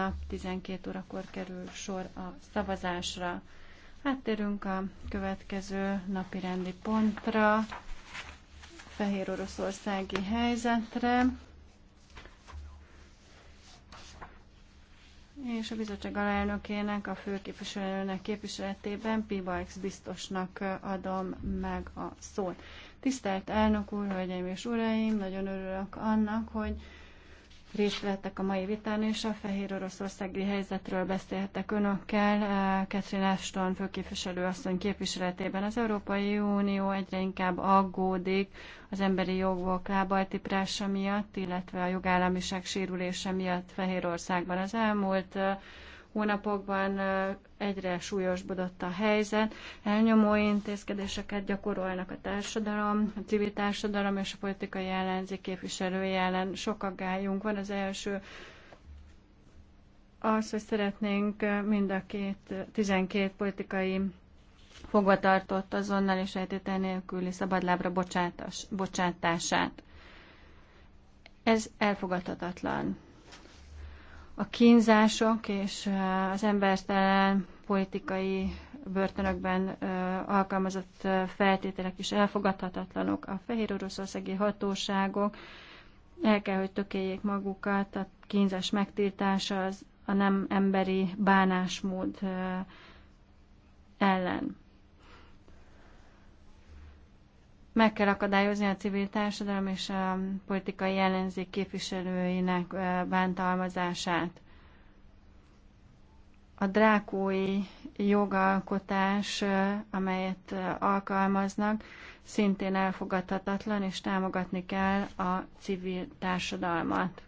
holnap 12 órakor kerül sor a szavazásra. Áttérünk a következő napi rendi pontra, Fehér Oroszországi helyzetre. És a bizottság alelnökének, a főképviselőnek képviseletében Pibax biztosnak adom meg a szót. Tisztelt elnök úr, hölgyeim és uraim, nagyon örülök annak, hogy részt vettek a mai vitán, és a fehér oroszországi helyzetről beszélhetek önökkel. Eh, Catherine Ashton főképviselő asszony képviseletében az Európai Unió egyre inkább aggódik az emberi jogok lábaltiprása miatt, illetve a jogállamiság sérülése miatt Fehérországban az elmúlt eh, hónapokban egyre súlyosbodott a helyzet, elnyomó intézkedéseket gyakorolnak a társadalom, a civil társadalom és a politikai ellenzék képviselői ellen. Sok aggályunk van. Az első az, hogy szeretnénk mind a két, 12 politikai fogvatartott azonnal és ejtétel nélküli szabadlábra bocsátás, bocsátását. Ez elfogadhatatlan a kínzások és az embertelen politikai börtönökben alkalmazott feltételek is elfogadhatatlanok. A fehér oroszországi hatóságok el kell, hogy tökéljék magukat, a kínzás megtiltása az a nem emberi bánásmód ellen. meg kell akadályozni a civil társadalom és a politikai ellenzék képviselőinek bántalmazását. A drákói jogalkotás, amelyet alkalmaznak, szintén elfogadhatatlan, és támogatni kell a civil társadalmat.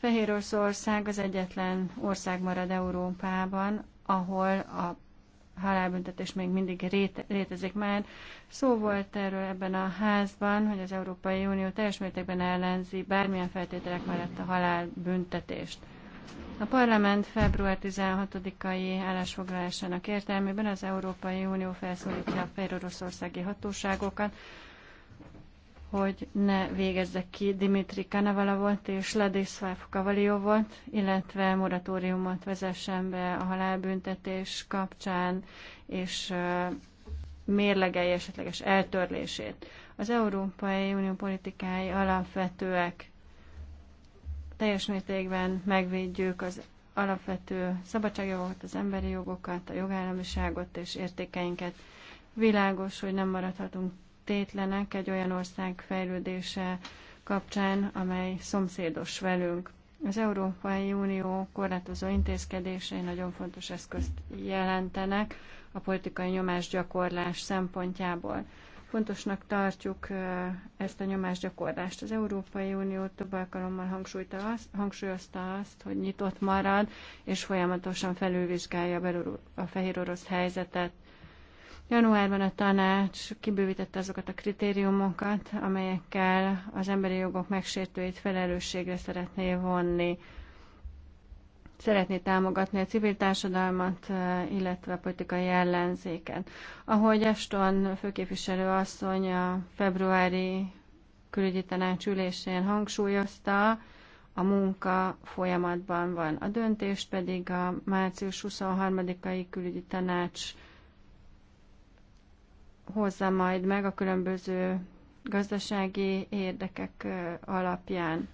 Fehérország az egyetlen ország marad Európában, ahol a halálbüntetés még mindig rét, létezik már. Szó volt erről ebben a házban, hogy az Európai Unió teljes mértékben ellenzi bármilyen feltételek mellett a halálbüntetést. A parlament február 16-ai állásfoglalásának értelmében az Európai Unió felszólítja a fejroroszországi hatóságokat, hogy ne végezzek ki Dimitri Kanavala volt és Ladislav Kavalió volt, illetve moratóriumot vezessen be a halálbüntetés kapcsán, és mérlegelje esetleges eltörlését. Az Európai Unió politikái alapvetőek teljes mértékben megvédjük az alapvető szabadságjogokat, az emberi jogokat, a jogállamiságot és értékeinket. Világos, hogy nem maradhatunk tétlenek egy olyan ország fejlődése kapcsán, amely szomszédos velünk. Az Európai Unió korlátozó intézkedései nagyon fontos eszközt jelentenek a politikai nyomásgyakorlás szempontjából. Fontosnak tartjuk ezt a nyomásgyakorlást. Az Európai Unió több alkalommal hangsúlyozta azt, hogy nyitott marad, és folyamatosan felülvizsgálja a fehér orosz helyzetet. Januárban a tanács kibővítette azokat a kritériumokat, amelyekkel az emberi jogok megsértőit felelősségre szeretné vonni. Szeretné támogatni a civil társadalmat, eh, illetve a politikai ellenzéket. Ahogy Eston főképviselő asszony a februári külügyi tanács ülésén hangsúlyozta, a munka folyamatban van. A döntést pedig a március 23-ai külügyi tanács hozza majd meg a különböző gazdasági érdekek alapján,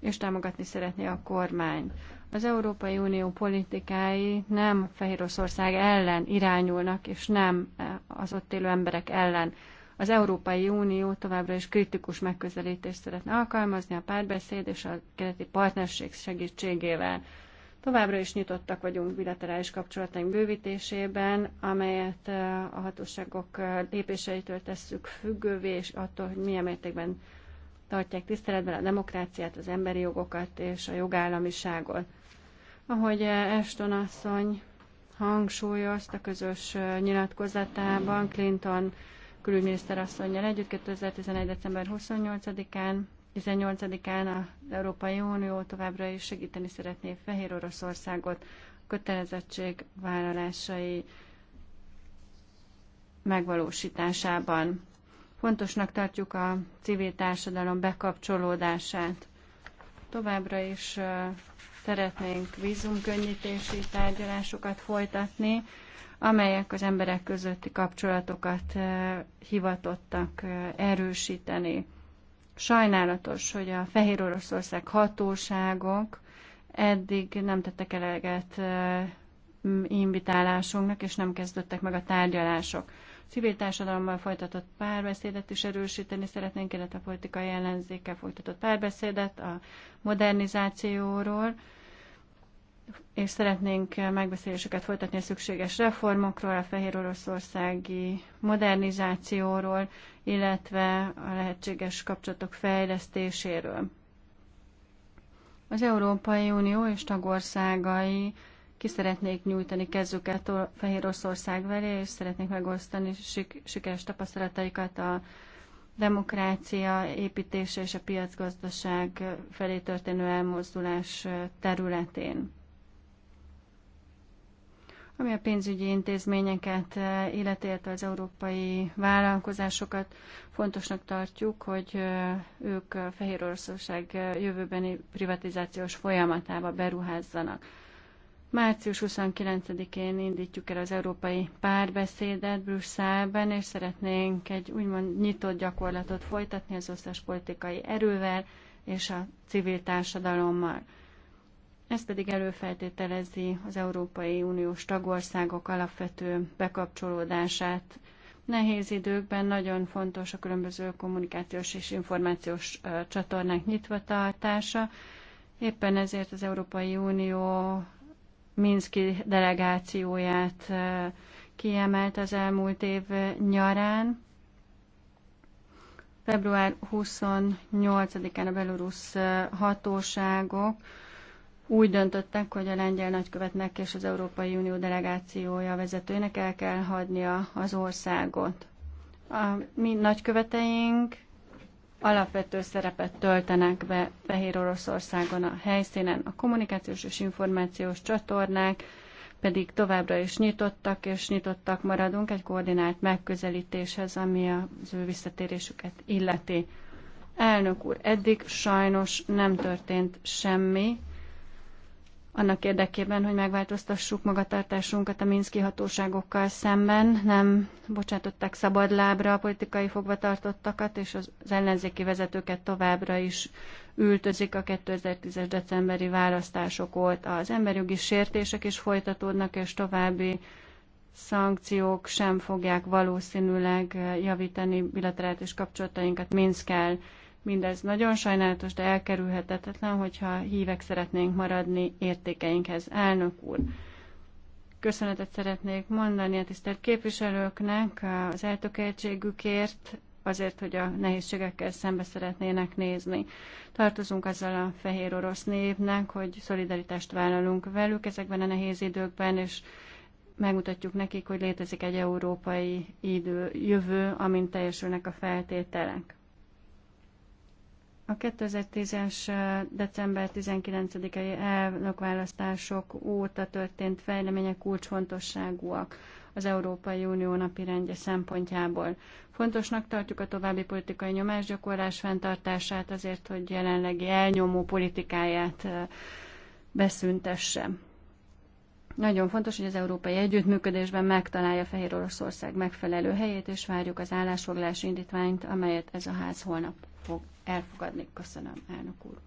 és támogatni szeretné a kormány. Az Európai Unió politikái nem Fehérország ellen irányulnak, és nem az ott élő emberek ellen. Az Európai Unió továbbra is kritikus megközelítést szeretne alkalmazni a párbeszéd és a keleti partnerség segítségével. Továbbra is nyitottak vagyunk bilaterális kapcsolataink bővítésében, amelyet eh, a hatóságok eh, lépéseitől tesszük függővé, és attól, hogy milyen mértékben tartják tiszteletben a demokráciát, az emberi jogokat és a jogállamiságot. Ahogy eh, Ashton asszony hangsúlyozta közös nyilatkozatában Clinton külügyminiszter asszonynal együtt 2011. december 28-án 18-án az Európai Unió továbbra is segíteni szeretné Fehér Oroszországot kötelezettség vállalásai megvalósításában. Fontosnak tartjuk a civil társadalom bekapcsolódását. Továbbra is szeretnénk vízumkönnyítési tárgyalásokat folytatni, amelyek az emberek közötti kapcsolatokat hivatottak erősíteni. Sajnálatos, hogy a Fehér Oroszország hatóságok eddig nem tettek eleget invitálásunknak, és nem kezdődtek meg a tárgyalások. Civil társadalommal folytatott párbeszédet is erősíteni szeretnénk, illetve a politikai ellenzékkel folytatott párbeszédet a modernizációról, és szeretnénk megbeszéléseket folytatni a szükséges reformokról, a fehér oroszországi modernizációról, illetve a lehetséges kapcsolatok fejlesztéséről. Az Európai Unió és tagországai ki szeretnék nyújtani kezüket Fehér Oroszország velé, és szeretnék megosztani sik- sikeres tapasztalataikat a demokrácia építése és a piacgazdaság felé történő elmozdulás területén ami a pénzügyi intézményeket, eh, illetve az európai vállalkozásokat fontosnak tartjuk, hogy eh, ők Fehér Oroszország eh, jövőbeni privatizációs folyamatába beruházzanak. Március 29-én indítjuk el az európai párbeszédet Brüsszelben, és szeretnénk egy úgymond nyitott gyakorlatot folytatni az összes politikai erővel és a civil társadalommal. Ez pedig előfeltételezi az Európai Uniós tagországok alapvető bekapcsolódását. Nehéz időkben nagyon fontos a különböző kommunikációs és információs csatornák nyitva tartása. Éppen ezért az Európai Unió Minszki delegációját kiemelt az elmúlt év nyarán. Február 28-án a belorusz hatóságok úgy döntöttek, hogy a lengyel nagykövetnek és az Európai Unió delegációja vezetőnek el kell hagynia az országot. A mi nagyköveteink alapvető szerepet töltenek be Fehér Oroszországon a helyszínen. A kommunikációs és információs csatornák pedig továbbra is nyitottak, és nyitottak maradunk egy koordinált megközelítéshez, ami az ő visszatérésüket illeti. Elnök úr, eddig sajnos nem történt semmi, annak érdekében, hogy megváltoztassuk magatartásunkat a Minszki hatóságokkal szemben. Nem bocsátották szabad lábra a politikai fogvatartottakat, és az ellenzéki vezetőket továbbra is ültözik a 2010-es decemberi választások óta. Az emberjogi sértések is folytatódnak, és további szankciók sem fogják valószínűleg javítani bilaterális kapcsolatainkat Minszkel. Mindez nagyon sajnálatos, de elkerülhetetlen, hogyha hívek szeretnénk maradni értékeinkhez. Elnök úr, köszönetet szeretnék mondani a tisztelt képviselőknek az eltökéltségükért, azért, hogy a nehézségekkel szembe szeretnének nézni. Tartozunk azzal a fehér orosz névnek, hogy szolidaritást vállalunk velük ezekben a nehéz időkben, és megmutatjuk nekik, hogy létezik egy európai idő, jövő, amint teljesülnek a feltételek. A 2010-es december 19-i elnökválasztások óta történt fejlemények kulcsfontosságúak az Európai Unió napi rendje szempontjából. Fontosnak tartjuk a további politikai nyomásgyakorlás fenntartását azért, hogy jelenlegi elnyomó politikáját beszüntesse. Nagyon fontos, hogy az európai együttműködésben megtalálja Fehér Oroszország megfelelő helyét, és várjuk az állásfoglalási indítványt, amelyet ez a ház holnap fog elfogadni. Köszönöm, elnök úr.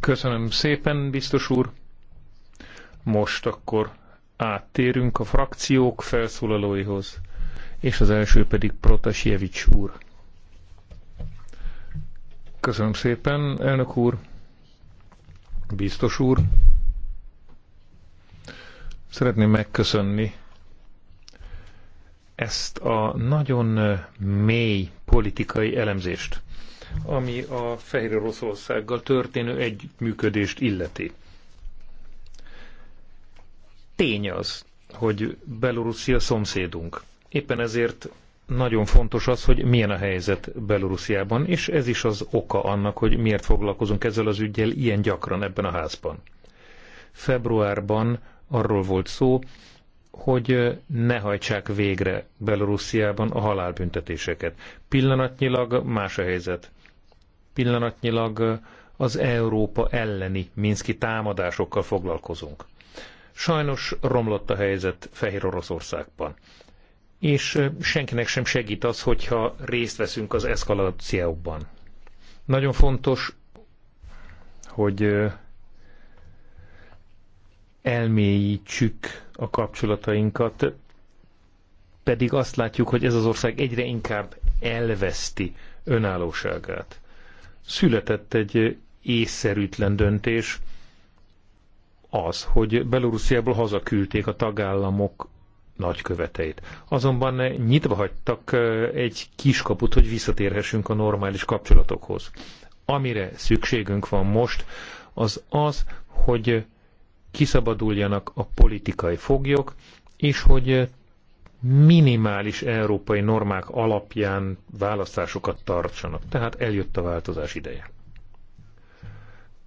Köszönöm szépen, biztos úr. Most akkor áttérünk a frakciók felszólalóihoz, és az első pedig Protasjevics úr. Köszönöm szépen, elnök úr, biztos úr. Szeretném megköszönni ezt a nagyon eh, mély politikai elemzést ami a Fehér Oroszországgal történő együttműködést illeti. Tény az, hogy Belorusszia szomszédunk. Éppen ezért nagyon fontos az, hogy milyen a helyzet Belorussziában, és ez is az oka annak, hogy miért foglalkozunk ezzel az ügyel ilyen gyakran ebben a házban. Februárban arról volt szó, hogy ne hajtsák végre Belorussziában a halálbüntetéseket. Pillanatnyilag más a helyzet pillanatnyilag az Európa elleni minszki támadásokkal foglalkozunk. Sajnos romlott a helyzet Fehér Oroszországban. És senkinek sem segít az, hogyha részt veszünk az eszkalációban. Nagyon fontos, hogy elmélyítsük a kapcsolatainkat, pedig azt látjuk, hogy ez az ország egyre inkább elveszti önállóságát született egy észszerűtlen döntés, az, hogy Belorussziából hazaküldték a tagállamok nagyköveteit. Azonban nyitva hagytak egy kiskaput, hogy visszatérhessünk a normális kapcsolatokhoz. Amire szükségünk van most, az az, hogy kiszabaduljanak a politikai foglyok, és hogy minimális európai normák alapján választásokat tartsanak. Tehát eljött a változás ideje.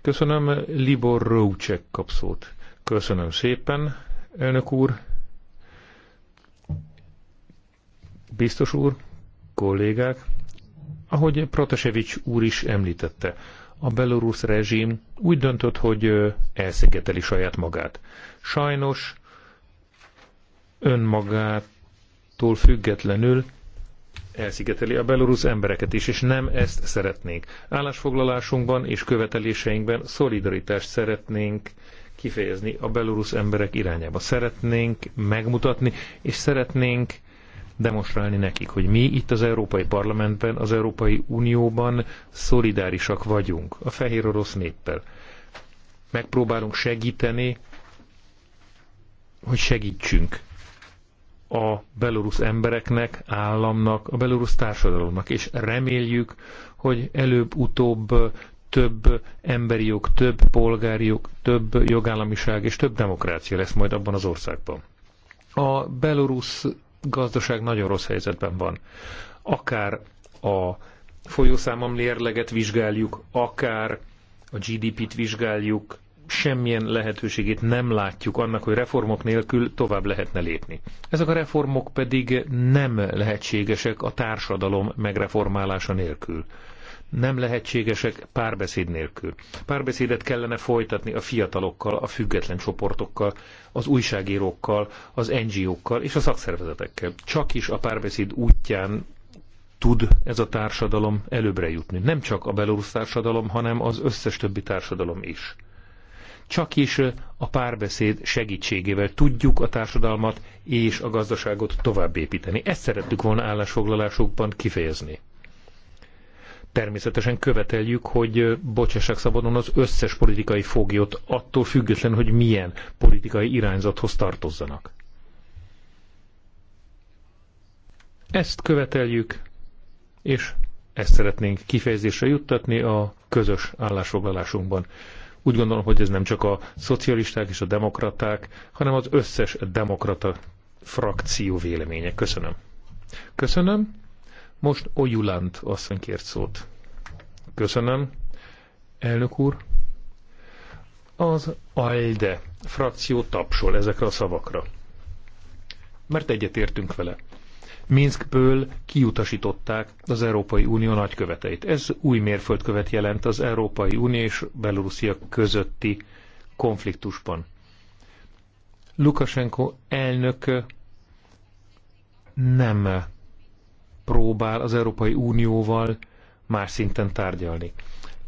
Köszönöm, Libor Rócsek kapszót. Köszönöm szépen, elnök úr. Biztos úr, kollégák, ahogy Protasevics úr is említette, a belorusz rezsim úgy döntött, hogy elszigeteli saját magát. Sajnos önmagát attól függetlenül elszigeteli a belorusz embereket is, és nem ezt szeretnénk. Állásfoglalásunkban és követeléseinkben szolidaritást szeretnénk kifejezni a belorusz emberek irányába. Szeretnénk megmutatni, és szeretnénk demonstrálni nekik, hogy mi itt az Európai Parlamentben, az Európai Unióban szolidárisak vagyunk a fehér orosz néppel. Megpróbálunk segíteni, hogy segítsünk a belorusz embereknek, államnak, a belorusz társadalomnak, és reméljük, hogy előbb-utóbb több emberi jog, több polgári jog, több jogállamiság és több demokrácia lesz majd abban az országban. A belorusz gazdaság nagyon rossz helyzetben van. Akár a folyószámom mérleget vizsgáljuk, akár a GDP-t vizsgáljuk, semmilyen lehetőségét nem látjuk annak, hogy reformok nélkül tovább lehetne lépni. Ezek a reformok pedig nem lehetségesek a társadalom megreformálása nélkül. Nem lehetségesek párbeszéd nélkül. Párbeszédet kellene folytatni a fiatalokkal, a független csoportokkal, az újságírókkal, az NGO-kkal és a szakszervezetekkel. Csak is a párbeszéd útján tud ez a társadalom előbbre jutni. Nem csak a belorusz társadalom, hanem az összes többi társadalom is. Csak is a párbeszéd segítségével tudjuk a társadalmat és a gazdaságot továbbépíteni. Ezt szerettük volna állásfoglalásokban kifejezni. Természetesen követeljük, hogy bocsássák szabadon az összes politikai foglyot, attól független, hogy milyen politikai irányzathoz tartozzanak. Ezt követeljük, és ezt szeretnénk kifejezésre juttatni a közös állásfoglalásunkban. Úgy gondolom, hogy ez nem csak a szocialisták és a demokraták, hanem az összes demokrata frakció véleménye. Köszönöm. Köszönöm. Most Ojulant asszony kért szót. Köszönöm. Elnök úr. Az ALDE frakció tapsol ezekre a szavakra. Mert egyetértünk vele. Minskből kiutasították az Európai Unió nagyköveteit. Ez új mérföldkövet jelent az Európai Unió és Belorusszia közötti konfliktusban. Lukasenko elnök nem próbál az Európai Unióval más szinten tárgyalni.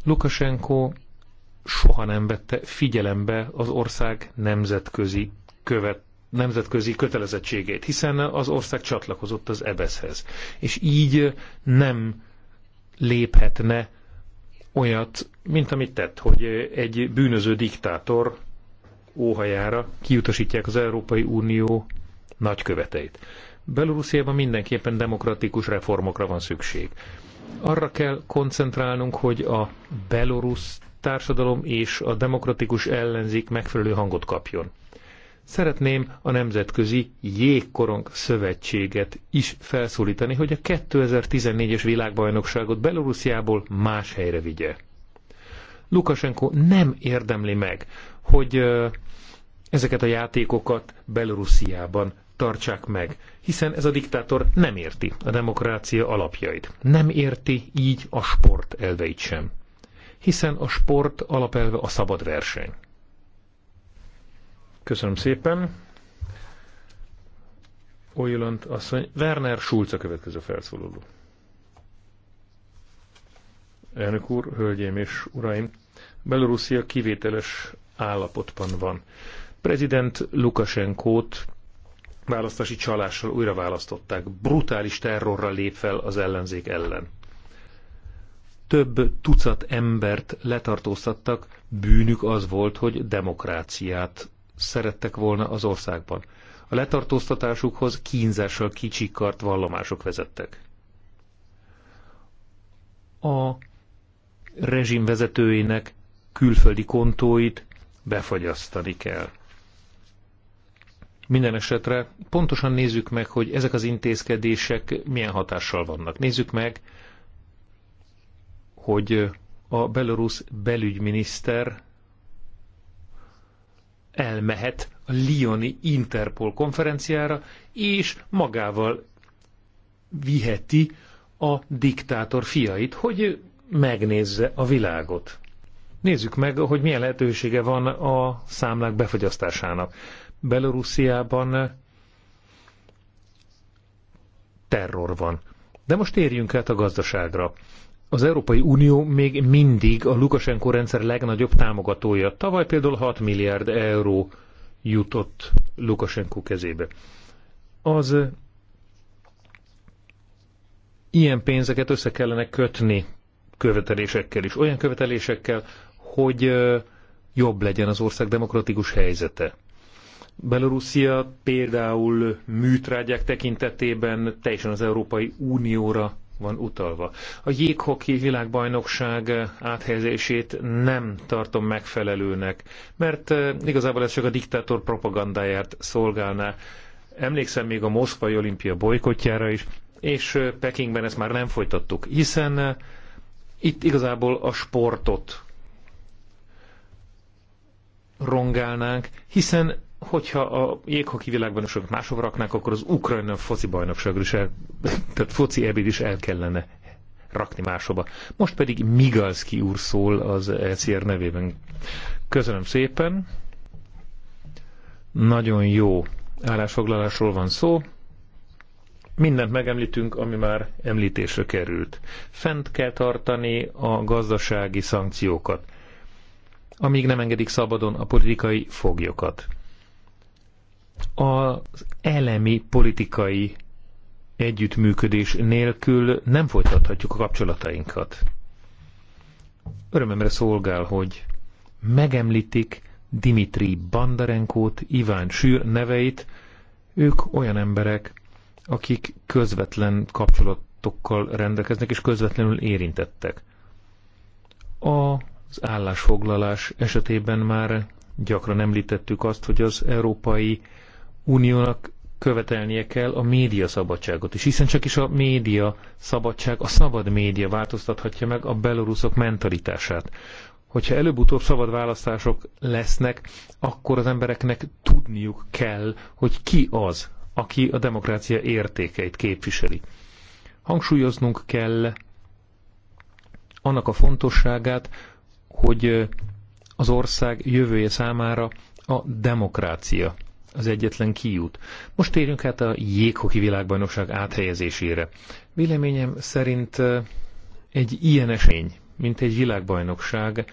Lukasenko soha nem vette figyelembe az ország nemzetközi követ nemzetközi kötelezettségét, hiszen az ország csatlakozott az EBESZ-hez. És így nem léphetne olyat, mint amit tett, hogy egy bűnöző diktátor óhajára kiutasítják az Európai Unió nagyköveteit. Belorussziában mindenképpen demokratikus reformokra van szükség. Arra kell koncentrálnunk, hogy a belorusz társadalom és a demokratikus ellenzék megfelelő hangot kapjon. Szeretném a Nemzetközi Jégkorong Szövetséget is felszólítani, hogy a 2014-es világbajnokságot Belorussziából más helyre vigye. Lukasenko nem érdemli meg, hogy ezeket a játékokat Belorussziában tartsák meg, hiszen ez a diktátor nem érti a demokrácia alapjait. Nem érti így a sport elveit sem. Hiszen a sport alapelve a szabad verseny. Köszönöm szépen. Ojuland asszony. Werner Schulz a következő felszólaló. Elnök úr, hölgyeim és uraim, Belorusszia kivételes állapotban van. Prezident Lukasenkót választási csalással újra választották. Brutális terrorra lép fel az ellenzék ellen. Több tucat embert letartóztattak, bűnük az volt, hogy demokráciát szerettek volna az országban. A letartóztatásukhoz kínzással kicsikart vallomások vezettek. A rezsim vezetőinek külföldi kontóit befagyasztani kell. Minden esetre pontosan nézzük meg, hogy ezek az intézkedések milyen hatással vannak. Nézzük meg, hogy a belorusz belügyminiszter elmehet a Lioni Interpol konferenciára, és magával viheti a diktátor fiait, hogy megnézze a világot. Nézzük meg, hogy milyen lehetősége van a számlák befogyasztásának. Belorussziában terror van. De most érjünk át a gazdaságra. Az Európai Unió még mindig a Lukasenko rendszer legnagyobb támogatója. Tavaly például 6 milliárd euró jutott Lukasenko kezébe. Az eh, ilyen pénzeket össze kellene kötni követelésekkel is, olyan követelésekkel, hogy eh, jobb legyen az ország demokratikus helyzete. Belorusszia például műtrágyák tekintetében teljesen az Európai Unióra van utalva. A jéghoki világbajnokság áthelyezését nem tartom megfelelőnek, mert eh, igazából ez csak a diktátor propagandáját szolgálná. Emlékszem még a Moszkvai olimpia bolykotjára is, és eh, Pekingben ezt már nem folytattuk, hiszen eh, itt igazából a sportot rongálnánk, hiszen hogyha a jéghoki is máshova raknák, akkor az ukrajna foci bajnokságra is, el, tehát foci ebéd is el kellene rakni máshova. Most pedig Migalski úr szól az ECR nevében. Köszönöm szépen. Nagyon jó állásfoglalásról van szó. Mindent megemlítünk, ami már említésre került. Fent kell tartani a gazdasági szankciókat, amíg nem engedik szabadon a politikai foglyokat. Az elemi politikai együttműködés nélkül nem folytathatjuk a kapcsolatainkat. Örömemre szolgál, hogy megemlítik Dimitri Bandarenkót, Iván Sűr neveit. Ők olyan emberek, akik közvetlen kapcsolatokkal rendelkeznek és közvetlenül érintettek. Az állásfoglalás esetében már gyakran említettük azt, hogy az európai Uniónak követelnie kell a média szabadságot is, hiszen csak is a média szabadság, a szabad média változtathatja meg a beloruszok mentalitását. Hogyha előbb-utóbb szabad választások lesznek, akkor az embereknek tudniuk kell, hogy ki az, aki a demokrácia értékeit képviseli. Hangsúlyoznunk kell annak a fontosságát, hogy az ország jövője számára a demokrácia az egyetlen kiút. Most térjünk hát a jéghoki világbajnokság áthelyezésére. Véleményem szerint egy ilyen esény, mint egy világbajnokság,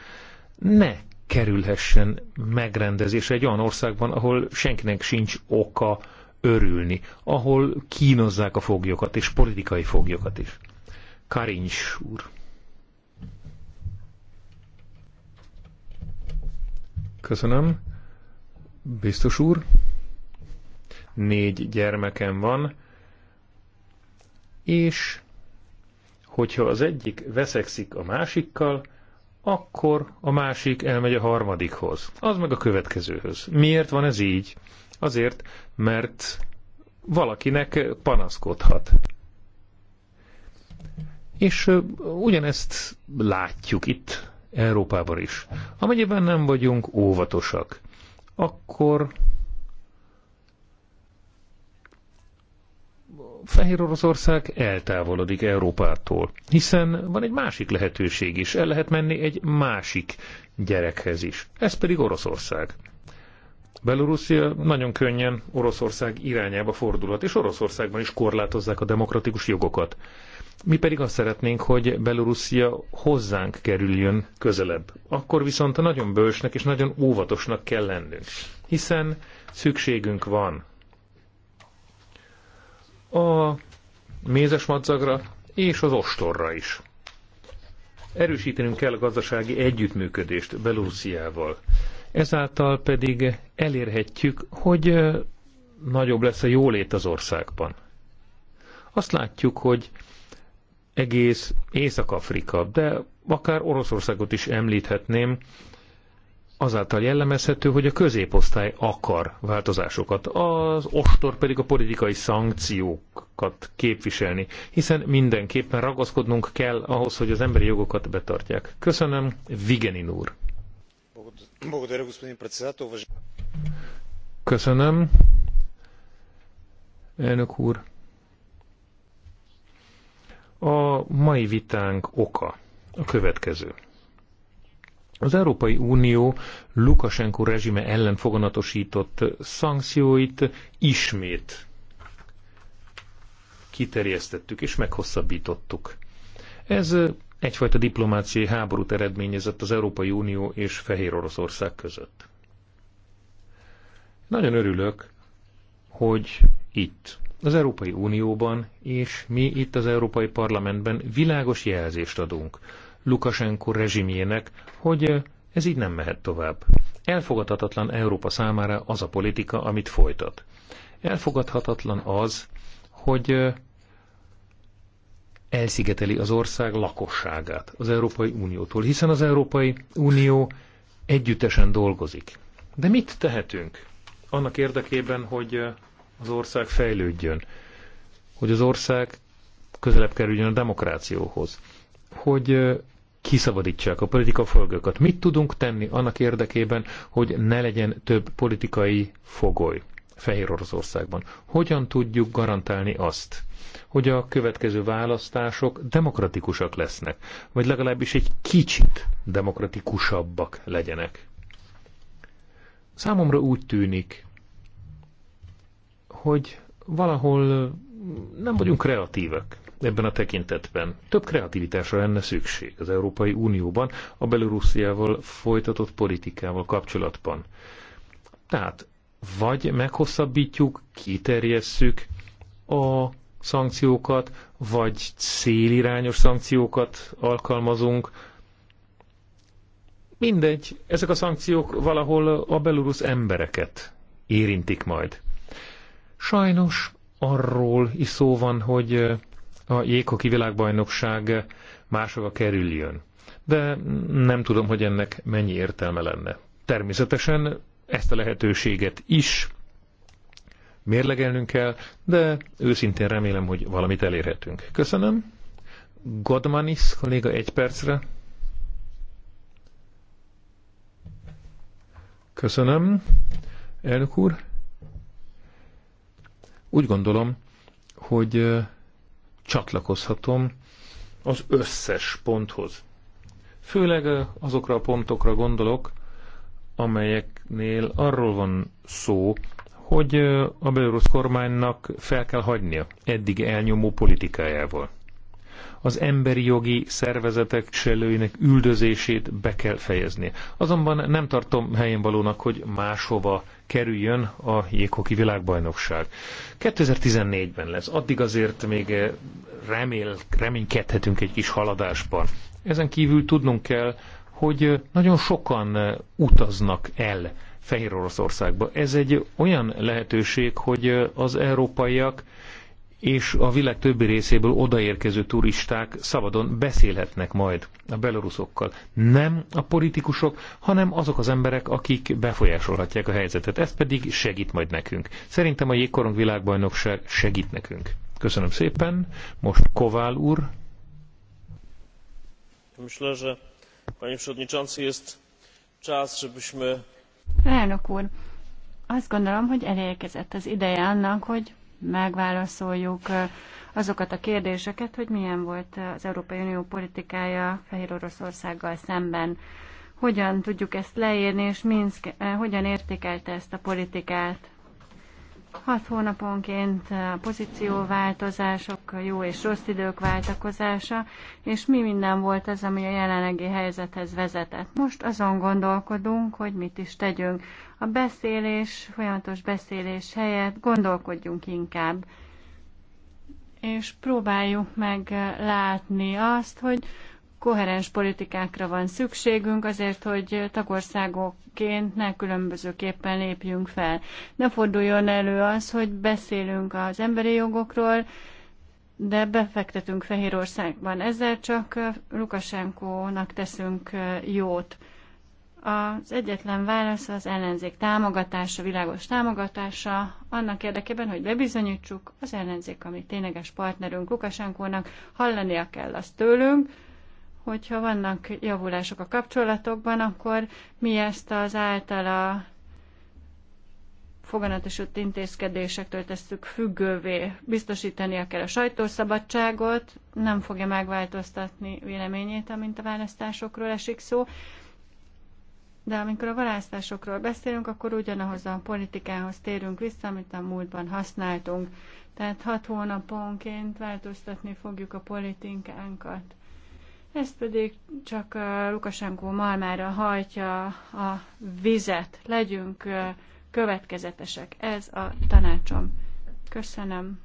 ne kerülhessen megrendezésre egy olyan országban, ahol senkinek sincs oka örülni, ahol kínozzák a foglyokat, és politikai foglyokat is. Karincs úr. Köszönöm. Biztos úr négy gyermekem van, és hogyha az egyik veszekszik a másikkal, akkor a másik elmegy a harmadikhoz, az meg a következőhöz. Miért van ez így? Azért, mert valakinek panaszkodhat. És ugyanezt látjuk itt Európában is. Amennyiben nem vagyunk óvatosak, akkor Fehér Oroszország eltávolodik Európától, hiszen van egy másik lehetőség is, el lehet menni egy másik gyerekhez is. Ez pedig Oroszország. Belorusszia nagyon könnyen Oroszország irányába fordulhat, és Oroszországban is korlátozzák a demokratikus jogokat. Mi pedig azt szeretnénk, hogy Belorusszia hozzánk kerüljön közelebb. Akkor viszont nagyon bölsnek és nagyon óvatosnak kell lennünk, hiszen szükségünk van a mézes madzagra és az ostorra is. Erősítenünk kell a gazdasági együttműködést Belúziával. Ezáltal pedig elérhetjük, hogy nagyobb lesz a jólét az országban. Azt látjuk, hogy egész Észak-Afrika, de akár Oroszországot is említhetném, azáltal jellemezhető, hogy a középosztály akar változásokat, az ostor pedig a politikai szankciókat képviselni, hiszen mindenképpen ragaszkodnunk kell ahhoz, hogy az emberi jogokat betartják. Köszönöm, Vigenin úr! Köszönöm, elnök úr! A mai vitánk oka a következő. Az Európai Unió Lukasenko rezsime ellen foganatosított szankcióit ismét kiterjesztettük és meghosszabbítottuk. Ez egyfajta diplomáciai háborút eredményezett az Európai Unió és Fehér Oroszország között. Nagyon örülök, hogy itt, az Európai Unióban, és mi itt az Európai Parlamentben világos jelzést adunk, Lukasenko rezsimjének, hogy ez így nem mehet tovább. Elfogadhatatlan Európa számára az a politika, amit folytat. Elfogadhatatlan az, hogy elszigeteli az ország lakosságát az Európai Uniótól, hiszen az Európai Unió együttesen dolgozik. De mit tehetünk annak érdekében, hogy az ország fejlődjön, hogy az ország közelebb kerüljön a demokrációhoz? hogy kiszabadítsák a politika folgőket. Mit tudunk tenni annak érdekében, hogy ne legyen több politikai fogoly Fehér Oroszországban? Hogyan tudjuk garantálni azt, hogy a következő választások demokratikusak lesznek, vagy legalábbis egy kicsit demokratikusabbak legyenek? Számomra úgy tűnik, hogy valahol nem vagyunk kreatívek ebben a tekintetben. Több kreativitásra lenne szükség az Európai Unióban a Belorussziával folytatott politikával kapcsolatban. Tehát vagy meghosszabbítjuk, kiterjesszük a szankciókat, vagy célirányos szankciókat alkalmazunk. Mindegy, ezek a szankciók valahol a belorusz embereket érintik majd. Sajnos arról is szó van, hogy a jéghoki világbajnokság másova kerüljön. De nem tudom, hogy ennek mennyi értelme lenne. Természetesen ezt a lehetőséget is mérlegelnünk kell, de őszintén remélem, hogy valamit elérhetünk. Köszönöm. Godmanis kolléga egy percre. Köszönöm, elnök úr. Úgy gondolom, hogy csatlakozhatom az összes ponthoz. Főleg azokra a pontokra gondolok, amelyeknél arról van szó, hogy a belorusz kormánynak fel kell hagynia eddig elnyomó politikájával az emberi jogi szervezetek selőinek üldözését be kell fejezni. Azonban nem tartom helyén valónak, hogy máshova kerüljön a jéghoki világbajnokság. 2014-ben lesz. Addig azért még eh, remél, reménykedhetünk egy kis haladásban. Ezen kívül tudnunk kell, hogy eh, nagyon sokan eh, utaznak el Fehér Oroszországba. Ez egy olyan lehetőség, hogy az európaiak és a világ többi részéből odaérkező turisták szabadon beszélhetnek majd a beloruszokkal. Nem a politikusok, hanem azok az emberek, akik befolyásolhatják a helyzetet. Ez pedig segít majd nekünk. Szerintem a jégkorong világbajnokság segít nekünk. Köszönöm szépen. Most Kovál úr. Myślę, że panie przewodniczący jest czas, żebyśmy... Elnök úr, azt gondolom, hogy elérkezett az ideje annak, hogy megválaszoljuk azokat a kérdéseket, hogy milyen volt az Európai Unió politikája Fehér Oroszországgal szemben. Hogyan tudjuk ezt leírni, és Minsk hogyan értékelte ezt a politikát? Hat hónaponként a pozícióváltozások, jó és rossz idők váltakozása, és mi minden volt az, ami a jelenlegi helyzethez vezetett. Most azon gondolkodunk, hogy mit is tegyünk. A beszélés, folyamatos beszélés helyett gondolkodjunk inkább, és próbáljuk meg látni azt, hogy koherens politikákra van szükségünk azért, hogy tagországokként ne különbözőképpen lépjünk fel. Ne forduljon elő az, hogy beszélünk az emberi jogokról, de befektetünk Fehérországban. Ezzel csak Lukasenkónak teszünk jót. Az egyetlen válasz az ellenzék támogatása, világos támogatása, annak érdekében, hogy bebizonyítsuk, az ellenzék, ami tényleges partnerünk Lukasenkónak, hallania kell azt tőlünk, hogyha vannak javulások a kapcsolatokban, akkor mi ezt az általa foganatosult intézkedésektől tesszük függővé. biztosítani kell a sajtószabadságot, nem fogja megváltoztatni véleményét, amint a választásokról esik szó. De amikor a választásokról beszélünk, akkor ugyanahoz a politikához térünk vissza, amit a múltban használtunk. Tehát hat hónaponként változtatni fogjuk a politikánkat. Ez pedig csak Lukasenko malmára hajtja a vizet. Legyünk következetesek. Ez a tanácsom. Köszönöm.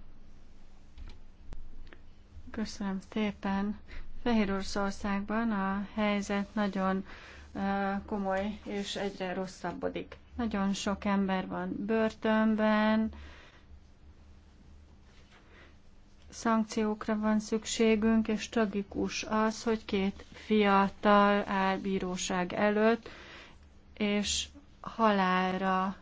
Köszönöm szépen. Fehérországban a helyzet nagyon komoly és egyre rosszabbodik. Nagyon sok ember van börtönben, szankciókra van szükségünk, és tragikus az, hogy két fiatal áll bíróság előtt, és halálra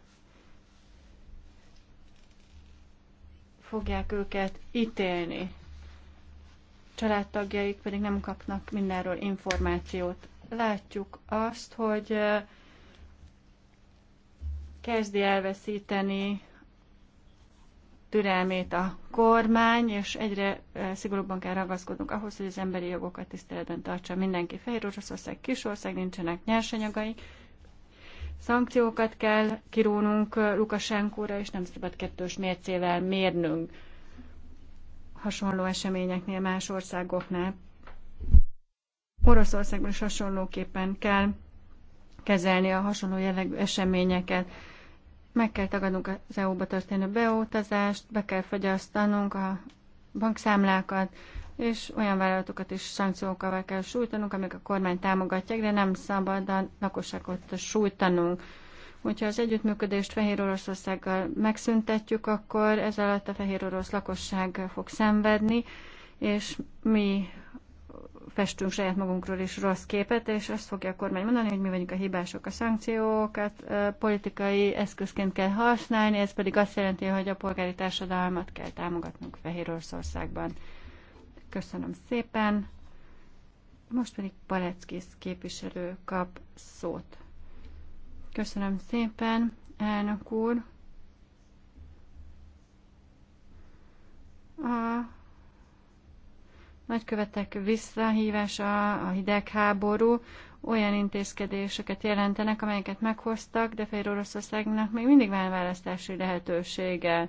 fogják őket ítélni. Családtagjaik pedig nem kapnak mindenről információt. Látjuk azt, hogy eh, kezdi elveszíteni türelmét a kormány, és egyre szigorúbban kell ragaszkodnunk ahhoz, hogy az emberi jogokat tiszteletben tartsa mindenki. Fehér Oroszország kisország, nincsenek nyersanyagai. Szankciókat kell kirónunk Lukasenkóra, és nem szabad kettős mércével mérnünk hasonló eseményeknél, más országoknál. Oroszországban is hasonlóképpen kell kezelni a hasonló jellegű eseményeket meg kell tagadnunk az EU-ba történő beutazást, be kell fogyasztanunk a bankszámlákat, és olyan vállalatokat is szankciókkal kell sújtanunk, amik a kormány támogatják, de nem szabad a lakosságot sújtanunk. Hogyha az együttműködést Fehér Oroszországgal megszüntetjük, akkor ez alatt a Fehér Orosz lakosság fog szenvedni, és mi festünk saját magunkról is rossz képet, és azt fogja a kormány mondani, hogy mi vagyunk a hibások, a szankciókat politikai eszközként kell használni, ez pedig azt jelenti, hogy a polgári társadalmat kell támogatnunk Fehérországban. Köszönöm szépen. Most pedig Paleckis képviselő kap szót. Köszönöm szépen, elnök úr. A nagykövetek visszahívása, a hidegháború olyan intézkedéseket jelentenek, amelyeket meghoztak, de Fehér Oroszországnak még mindig van választási lehetősége.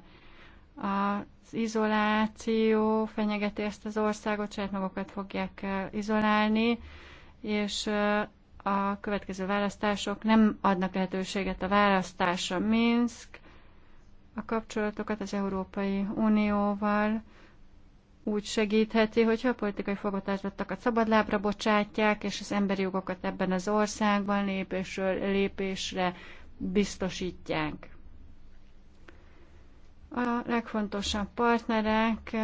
Az izoláció fenyegeti ezt az országot, saját magukat fogják eh, izolálni, és eh, a következő választások nem adnak lehetőséget a választásra. Minsk a kapcsolatokat az Európai Unióval, úgy segítheti, hogyha a politikai fogvatartottakat szabadlábra bocsátják, és az emberi jogokat ebben az országban lépésről lépésre biztosítják. A legfontosabb partnerek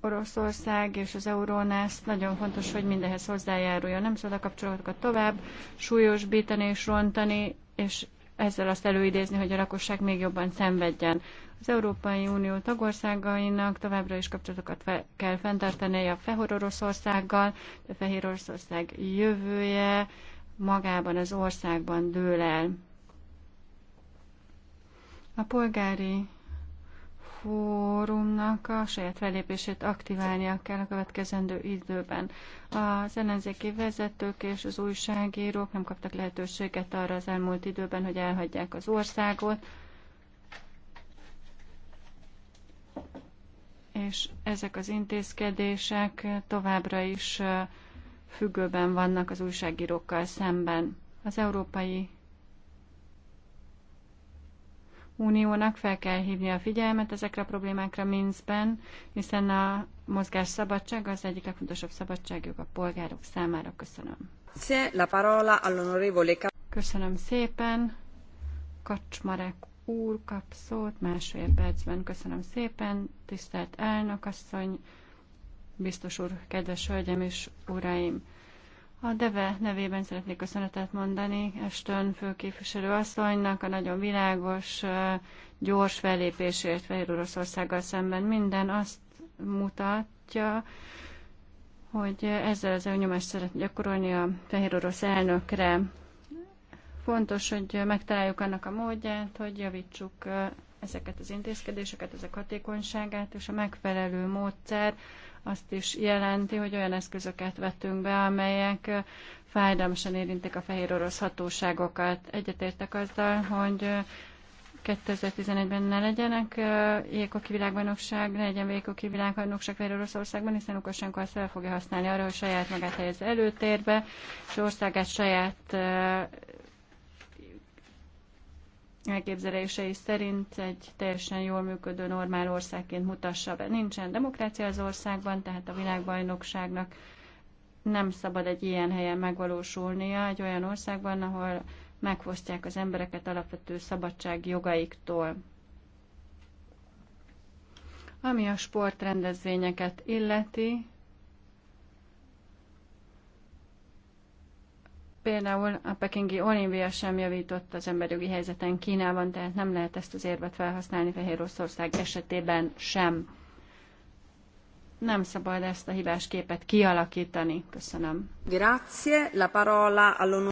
Oroszország és az Euronesz nagyon fontos, hogy mindehhez hozzájáruljon. Nem szabad a kapcsolatokat tovább súlyosbítani és rontani, és ezzel azt előidézni, hogy a lakosság még jobban szenvedjen. Az Európai Unió tagországainak továbbra is kapcsolatokat fe- kell fenntartani a Fehér Oroszországgal, a Fehér Oroszország jövője magában az országban dől el. A polgári fórumnak a saját felépését aktiválnia kell a következendő időben. Az ellenzéki vezetők és az újságírók nem kaptak lehetőséget arra az elmúlt időben, hogy elhagyják az országot, és ezek az intézkedések továbbra is függőben vannak az újságírókkal szemben. Az Európai Uniónak fel kell hívni a figyelmet ezekre a problémákra Minskben, hiszen a mozgás szabadság az egyik legfontosabb szabadságjog a polgárok számára. Köszönöm. Köszönöm szépen. Kacsmarek úr kap szót másfél percben. Köszönöm szépen. Tisztelt elnök asszony, biztos úr, kedves hölgyem és uraim! A DEVE nevében szeretnék köszönetet mondani Estön főképviselő asszonynak a nagyon világos, gyors fellépésért Fehér Oroszországgal szemben. Minden azt mutatja, hogy ezzel az elnyomást szeretne gyakorolni a Fehér Orosz elnökre. Fontos, hogy megtaláljuk annak a módját, hogy javítsuk ezeket az intézkedéseket, ezek hatékonyságát, és a megfelelő módszer azt is jelenti, hogy olyan eszközöket vettünk be, amelyek fájdalmasan érintik a fehér orosz hatóságokat. Egyetértek azzal, hogy 2011-ben ne legyenek jégkoki világbajnokság, ne legyen végkoki világbajnokság fehér Oroszországban, hiszen Lukashenko azt fel fogja használni arra, hogy saját magát helyez előtérbe, és országát saját elképzelései szerint egy teljesen jól működő normál országként mutassa be. Nincsen demokrácia az országban, tehát a világbajnokságnak nem szabad egy ilyen helyen megvalósulnia, egy olyan országban, ahol megfosztják az embereket alapvető szabadság jogaiktól. Ami a sportrendezvényeket illeti, Például a pekingi olimpia sem javított az emberjogi helyzeten Kínában, tehát nem lehet ezt az érvet felhasználni Fehér Oroszország esetében sem. Nem szabad ezt a hibás képet kialakítani. Köszönöm. Grazie, la parola all'on...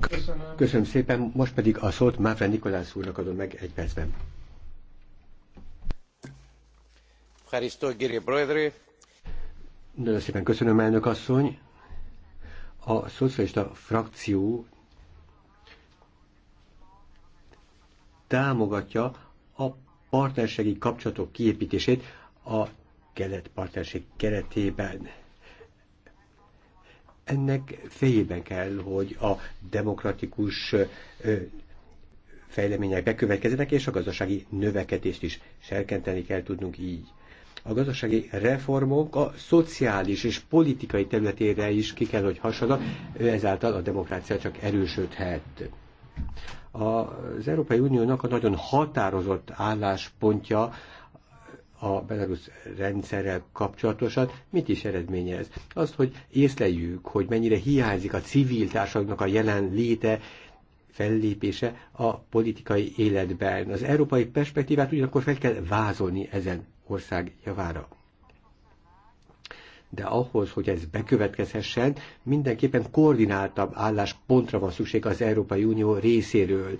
Köszönöm. Köszönöm szépen, most pedig a szót Mávra Nikolász úrnak adom meg egy percben. Nagyon szépen köszönöm, elnök asszony a szocialista frakció támogatja a partnerségi kapcsolatok kiépítését a kelet-partnerség keretében. Ennek fejében kell, hogy a demokratikus fejlemények bekövetkezzenek, és a gazdasági növekedést is serkenteni kell tudnunk így a gazdasági reformok a szociális és politikai területére is ki kell, hogy hasonlanak, ezáltal a demokrácia csak erősödhet. Az Európai Uniónak a nagyon határozott álláspontja a belarusz rendszerrel kapcsolatosan mit is eredményez? Azt, hogy észleljük, hogy mennyire hiányzik a civil társadalomnak a jelen léte, fellépése a politikai életben. Az európai perspektívát ugyanakkor fel kell vázolni ezen ország javára. De ahhoz, hogy ez bekövetkezhessen, mindenképpen koordináltabb álláspontra van szükség az Európai Unió részéről.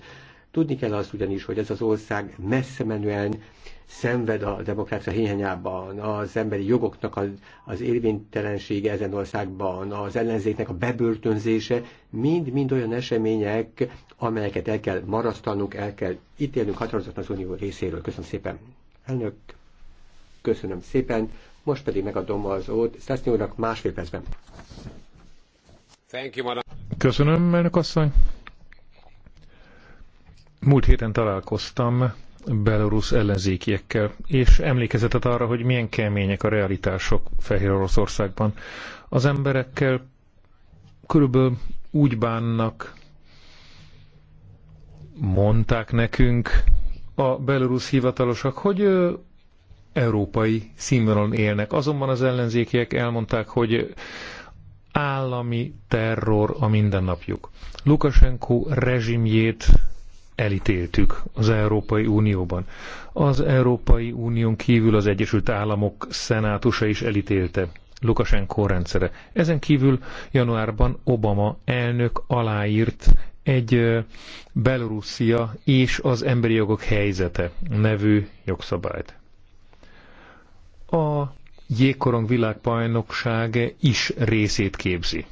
Tudni kell azt ugyanis, hogy ez az ország messze menően szenved a demokrácia hiányában, az emberi jogoknak az, az érvénytelensége ezen országban, az ellenzéknek a bebörtönzése, mind-mind olyan események, amelyeket el kell marasztalnunk, el kell ítélnünk határozatlan az unió részéről. Köszönöm szépen. Elnök. Köszönöm szépen, most pedig megadom az ót Szeszni úrnak másfél percben. Köszönöm, elnök asszony. Múlt héten találkoztam belorusz ellenzékiekkel, és emlékezetet arra, hogy milyen kemények a realitások Fehér Oroszországban. Az emberekkel körülbelül úgy bánnak, mondták nekünk a belorusz hivatalosak, hogy európai színvonalon élnek. Azonban az ellenzékiek elmondták, hogy állami terror a mindennapjuk. Lukasenko rezsimjét elítéltük az Európai Unióban. Az Európai Unión kívül az Egyesült Államok szenátusa is elítélte Lukasenko rendszere. Ezen kívül januárban Obama elnök aláírt egy Belorusszia és az emberi jogok helyzete nevű jogszabályt a jégkorong világbajnokság is részét képzi.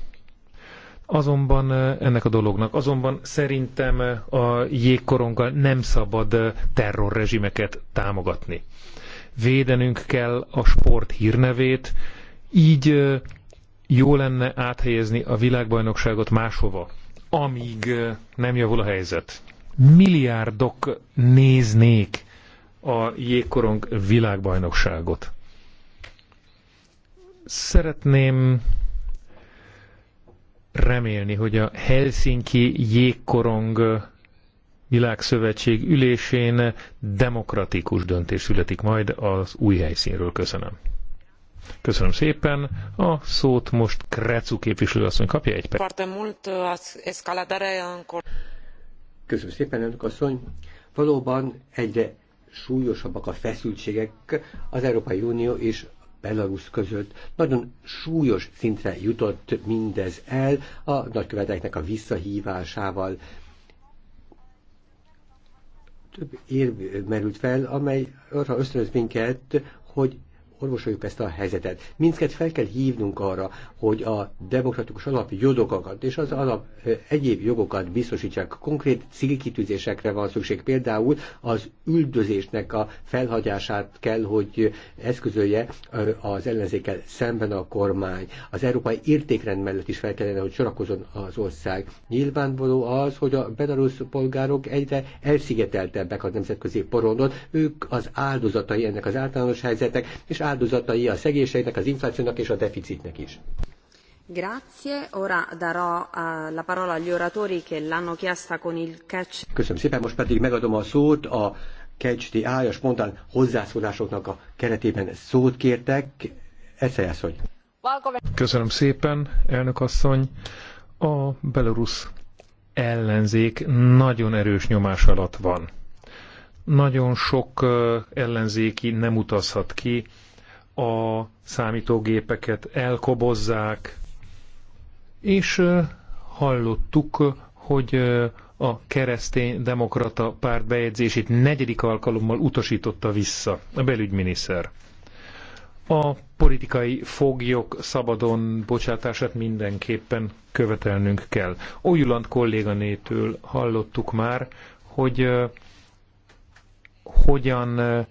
Azonban eh, ennek a dolognak, azonban szerintem eh, a jégkoronggal nem szabad eh, terrorrezsimeket támogatni. Védenünk kell a sport hírnevét, így jó lenne áthelyezni a világbajnokságot máshova, amíg nem javul a helyzet. Milliárdok néznék a jégkorong világbajnokságot. Szeretném remélni, hogy a Helsinki jégkorong világszövetség ülésén demokratikus döntés születik majd az új helyszínről. Köszönöm. Köszönöm szépen. A szót most Krecu képviselőasszony kapja egy perc. Uh, Köszönöm szépen, elnök asszony. Valóban egyre súlyosabbak a feszültségek az Európai Unió és Belarus között. Nagyon súlyos szintre jutott mindez el a nagyköveteknek a visszahívásával. Több ér merült fel, amely arra ösztönöz minket, hogy orvosoljuk ezt a helyzetet. Mindket fel kell hívnunk arra, hogy a demokratikus jogokat és az alap egyéb jogokat biztosítsák. Konkrét cigikitűzésekre van szükség. Például az üldözésnek a felhagyását kell, hogy eszközölje az ellenzékkel szemben a kormány. Az európai értékrend mellett is fel kellene, hogy sorakozon az ország. Nyilvánvaló az, hogy a belarusz polgárok egyre elszigeteltebbek a nemzetközi porondot. Ők az áldozatai ennek az általános helyzetek, és áldozatai a szegénységnek, az inflációnak és a deficitnek is. Grazie, ora darò eh, la parola agli oratori che l'hanno chiesta con il catch. Köszönöm szépen, most pedig megadom a szót a catch the eye, a spontán hozzászólásoknak a keretében szót kértek. Eszely asszony. Köszönöm szépen, elnök asszony. A belorusz ellenzék nagyon erős nyomás alatt van. Nagyon sok eh, ellenzéki nem utazhat ki a számítógépeket elkobozzák, és hallottuk, hogy a keresztény demokrata párt bejegyzését negyedik alkalommal utasította vissza a belügyminiszter. A politikai foglyok szabadon bocsátását mindenképpen követelnünk kell. Ojuland kolléganétől hallottuk már, hogy uh, hogyan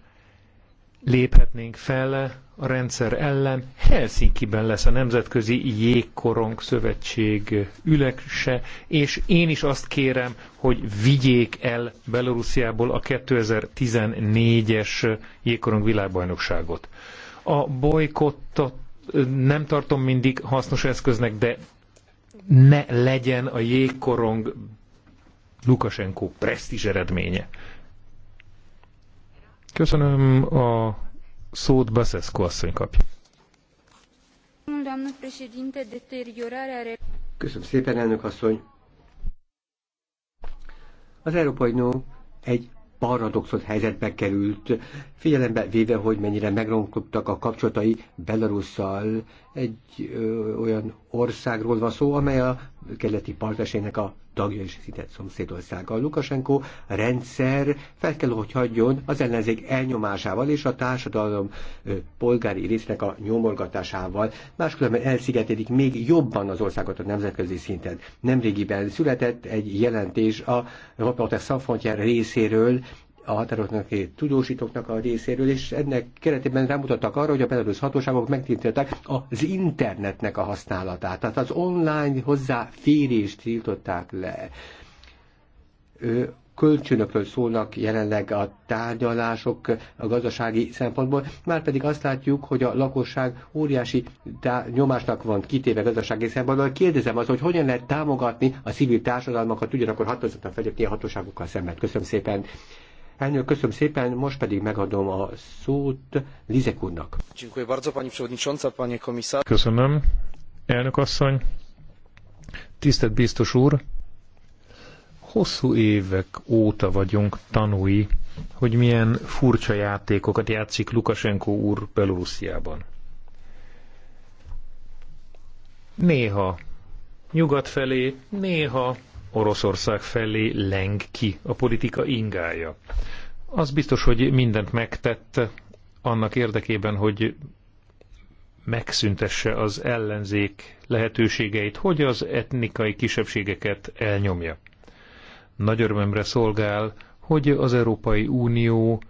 léphetnénk fel rendszer ellen. Helsinki-ben lesz a Nemzetközi Jégkorong Szövetség ülekse, és én is azt kérem, hogy vigyék el Belorussziából a 2014-es jégkorong világbajnokságot. A bolykottot nem tartom mindig hasznos eszköznek, de ne legyen a jégkorong Lukasenko presztízs eredménye. Köszönöm a szót Baszeszko asszony kapja. Köszönöm szépen, elnök asszony. Az Európai Unió egy paradoxon helyzetbe került figyelembe véve, hogy mennyire megromkodtak a kapcsolatai Belarusszal, egy ö, olyan országról van szó, amely a keleti partnerségnek a tagja és szinte szomszédországa. A Lukasenko rendszer fel kell, hogy hagyjon az ellenzék elnyomásával és a társadalom ö, polgári résznek a nyomorgatásával. Máskülönben elszigetelik még jobban az országot a nemzetközi szinten. Nemrégiben született egy jelentés a Reporter Szafontjár részéről a határoknak tudósítóknak a részéről, és ennek keretében rámutattak arra, hogy a belarus hatóságok megtiltották az internetnek a használatát, tehát az online hozzáférést tiltották le. Ő kölcsönökről szólnak jelenleg a tárgyalások a gazdasági szempontból, már pedig azt látjuk, hogy a lakosság óriási nyomásnak van kitéve gazdasági szempontból. Kérdezem az, hogy hogyan lehet támogatni a civil társadalmakat, ugyanakkor határozottan fegyetni a hatóságokkal szemben. Köszönöm szépen. Elnök, köszönöm szépen, most pedig megadom a szót Lizek úrnak. Köszönöm, elnök asszony. Tisztelt biztos úr, hosszú évek óta vagyunk tanúi, hogy milyen furcsa játékokat játszik Lukasenko úr Belorussziában. Néha nyugat felé, néha Oroszország felé leng ki a politika ingája. Az biztos, hogy mindent megtett annak érdekében, hogy megszüntesse az ellenzék lehetőségeit, hogy az etnikai kisebbségeket elnyomja. Nagy örömömre szolgál, hogy az Európai Unió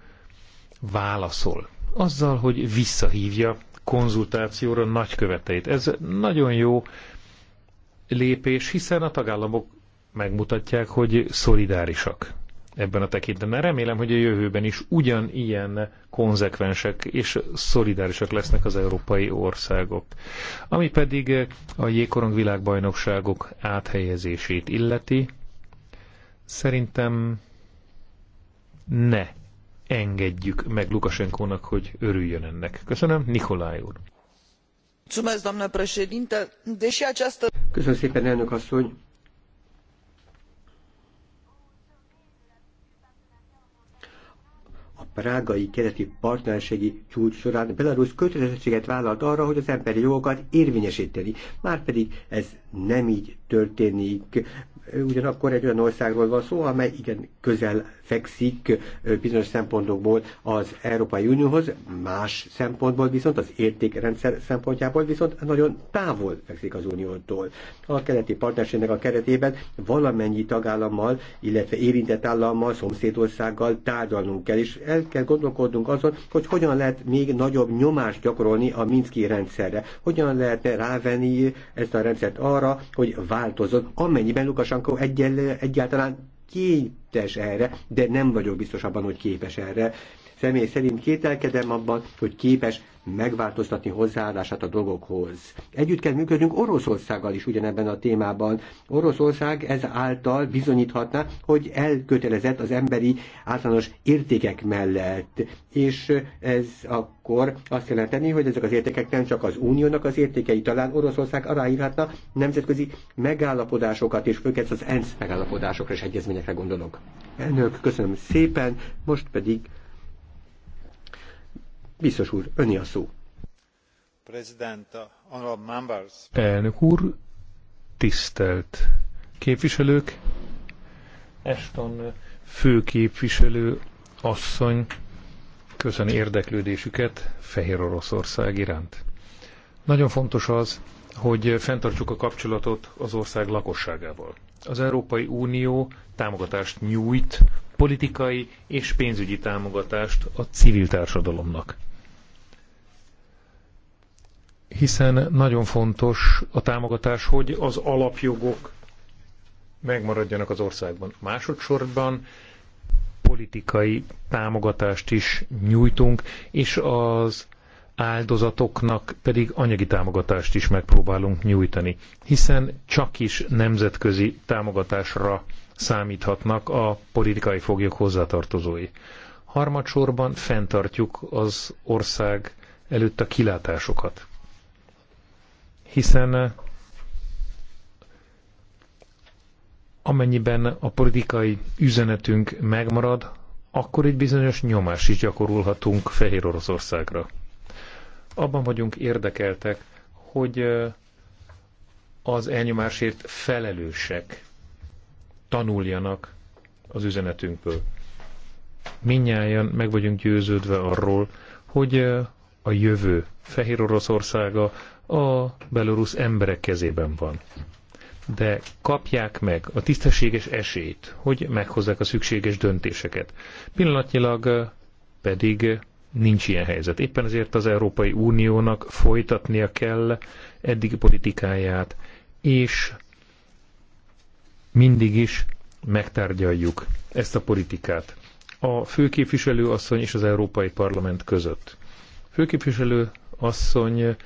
válaszol. Azzal, hogy visszahívja konzultációra nagyköveteit. Ez nagyon jó lépés, hiszen a tagállamok megmutatják, hogy szolidárisak ebben a tekintetben. Remélem, hogy a jövőben is ugyanilyen konzekvensek és szolidárisak lesznek az európai országok. Ami pedig a jégkorong világbajnokságok áthelyezését illeti, szerintem ne engedjük meg Lukasenkónak, hogy örüljön ennek. Köszönöm, Nikolaj úr. Köszönöm szépen, elnök asszony. prágai keleti partnerségi csúcs során Belarus kötelezettséget vállalt arra, hogy az emberi jogokat érvényesíteni. Márpedig ez nem így történik. Ugyanakkor egy olyan országról van szó, amely igen közel fekszik bizonyos szempontokból az Európai Unióhoz, más szempontból viszont az értékrendszer szempontjából viszont nagyon távol fekszik az Uniótól. A keleti partnerségnek a keretében valamennyi tagállammal, illetve érintett állammal, szomszédországgal tárgyalnunk kell, és el kell gondolkodnunk azon, hogy hogyan lehet még nagyobb nyomást gyakorolni a Minszki rendszerre, hogyan lehetne rávenni ezt a rendszert arra, hogy változott, amennyiben Lukasankó egyáltalán képes erre, de nem vagyok biztos abban, hogy képes erre. Személy szerint kételkedem abban, hogy képes megváltoztatni hozzáállását a dolgokhoz. Együtt kell működnünk Oroszországgal is ugyanebben a témában. Oroszország ez által bizonyíthatná, hogy elkötelezett az emberi általános értékek mellett. És ez akkor azt jelenteni, hogy ezek az értékek nem csak az uniónak az értékei, talán Oroszország aláírhatna nemzetközi megállapodásokat, és főként az ENSZ megállapodásokra és egyezményekre gondolok. Elnök, köszönöm szépen, most pedig Biztos úr, öni a szó. Elnök úr, tisztelt képviselők, Eston főképviselő asszony, köszön érdeklődésüket Fehér Oroszország iránt. Nagyon fontos az, hogy fenntartsuk a kapcsolatot az ország lakosságával. Az Európai Unió támogatást nyújt politikai és pénzügyi támogatást a civil társadalomnak. Hiszen nagyon fontos a támogatás, hogy az alapjogok megmaradjanak az országban. Másodszorban politikai támogatást is nyújtunk, és az áldozatoknak pedig anyagi támogatást is megpróbálunk nyújtani, hiszen csak is nemzetközi támogatásra számíthatnak a politikai foglyok hozzátartozói. Harmadsorban fenntartjuk az ország előtt a kilátásokat. Hiszen eh, amennyiben a politikai üzenetünk megmarad, akkor egy bizonyos nyomás is gyakorolhatunk Fehér Oroszországra. Abban vagyunk érdekeltek, hogy eh, az elnyomásért felelősek tanuljanak az üzenetünkből. Minnyáján meg vagyunk győződve arról, hogy eh, a jövő Fehér Oroszországa a belorusz emberek kezében van. De kapják meg a tisztességes esélyt, hogy meghozzák a szükséges döntéseket. Pillanatnyilag eh, pedig eh, nincs ilyen helyzet. Éppen ezért az Európai Uniónak folytatnia kell eddigi politikáját, és mindig is megtárgyaljuk ezt a politikát. A főképviselő asszony és az Európai Parlament között. Főképviselő asszony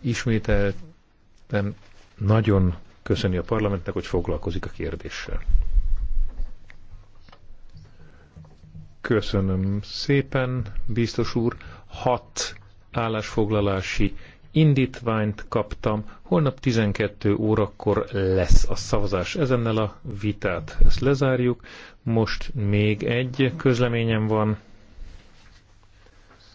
ismételten nagyon köszöni a parlamentnek, hogy foglalkozik a kérdéssel. Köszönöm szépen, biztos úr. Hat állásfoglalási indítványt kaptam, holnap 12 órakor lesz a szavazás. Ezennel a vitát ezt lezárjuk. Most még egy közleményem van.